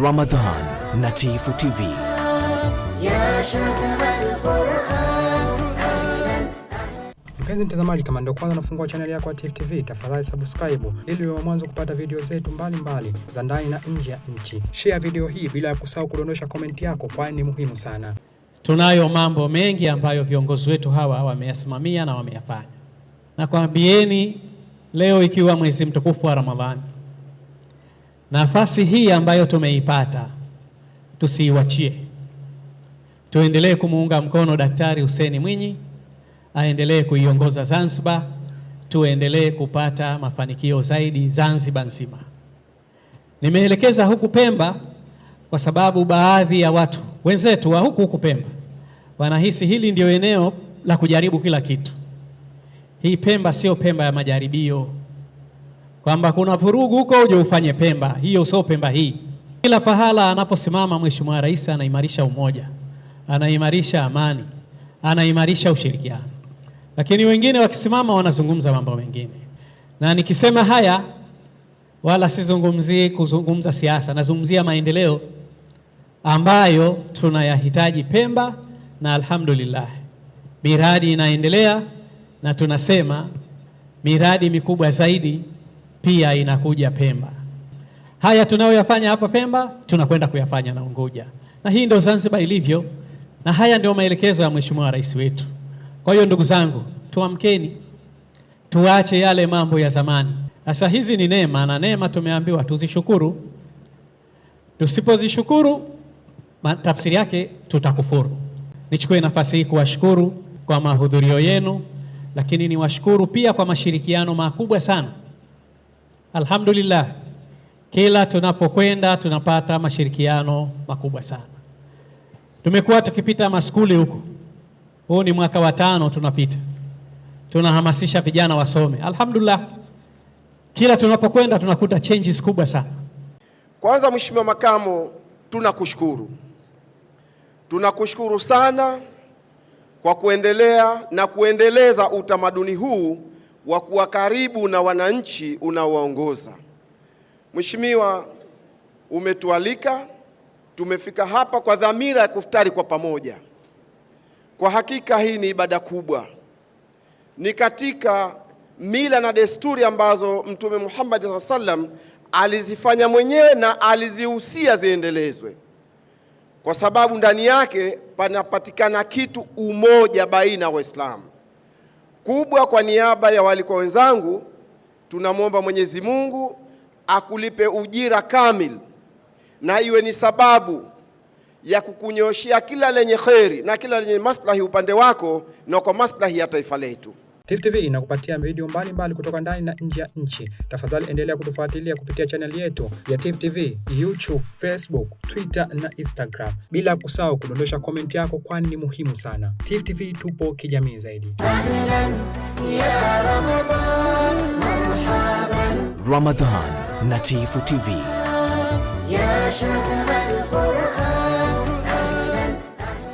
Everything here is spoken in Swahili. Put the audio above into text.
Ramadan na Tifu TV. Mpenzi mtazamaji, kama ndio kwanza nafungua chaneli yako ya Tifu TV, tafadhali subscribe ili uwe mwanzo kupata video zetu mbalimbali za ndani na nje ya nchi. Share video hii bila ya kusahau kudondosha komenti yako, kwani ni muhimu sana. Tunayo mambo mengi ambayo viongozi wetu hawa wameyasimamia na wameyafanya, na kwambieni leo ikiwa mwezi mtukufu wa Ramadhani Nafasi hii ambayo tumeipata tusiiwachie, tuendelee kumuunga mkono Daktari Hussein Mwinyi aendelee kuiongoza Zanzibar, tuendelee kupata mafanikio zaidi Zanzibar nzima. Nimeelekeza huku Pemba kwa sababu baadhi ya watu wenzetu wa huku huku Pemba wanahisi hili ndio eneo la kujaribu kila kitu. Hii Pemba sio Pemba ya majaribio kwamba kuna vurugu huko, uje ufanye Pemba. Hiyo sio Pemba hii. Kila pahala anaposimama Mheshimiwa Rais anaimarisha umoja, anaimarisha amani, anaimarisha ushirikiano, lakini wengine wakisimama wanazungumza mambo mengine. Na nikisema haya, wala sizungumzii kuzungumza siasa, nazungumzia maendeleo ambayo tunayahitaji Pemba, na alhamdulillah miradi inaendelea na tunasema miradi mikubwa zaidi pia inakuja Pemba. Haya tunayoyafanya hapa Pemba tunakwenda kuyafanya na Unguja, na hii ndio Zanzibar ilivyo, na haya ndio maelekezo ya Mheshimiwa Rais wetu. Kwa hiyo ndugu zangu, tuamkeni, tuache yale mambo ya zamani. Sasa hizi ni neema, na neema tumeambiwa tuzishukuru. Tusipozishukuru tafsiri yake tutakufuru. Nichukue nafasi hii kuwashukuru kwa mahudhurio yenu, lakini niwashukuru pia kwa mashirikiano makubwa sana Alhamdulillah, kila tunapokwenda tunapata mashirikiano makubwa sana. Tumekuwa tukipita maskuli huko, huu ni mwaka wa tano tunapita, tunahamasisha vijana wasome. Alhamdulillah, kila tunapokwenda tunakuta changes kubwa sana. Kwanza Mheshimiwa Makamu, tunakushukuru, tunakushukuru sana kwa kuendelea na kuendeleza utamaduni huu wa kuwa karibu na wananchi unaowaongoza. Mheshimiwa, umetualika, tumefika hapa kwa dhamira ya kufutari kwa pamoja. Kwa hakika hii ni ibada kubwa, ni katika mila na desturi ambazo Mtume Muhammad sallallahu alizifanya mwenyewe na alizihusia ziendelezwe, kwa sababu ndani yake panapatikana kitu umoja baina ya Waislamu kubwa kwa niaba ya walikuwa wenzangu, tunamwomba Mwenyezi Mungu akulipe ujira kamil na iwe ni sababu ya kukunyoshea kila lenye kheri na kila lenye maslahi upande wako na kwa maslahi ya taifa letu. Tifu TV inakupatia video mbalimbali kutoka ndani na nje ya nchi. Tafadhali endelea kutufuatilia kupitia chaneli yetu ya Tifu TV, YouTube, Facebook, Twitter na Instagram, bila kusahau kudondosha komenti yako, kwani ni muhimu sana. Tifu TV tupo kijamii zaidi. Ramadan na Tifu TV.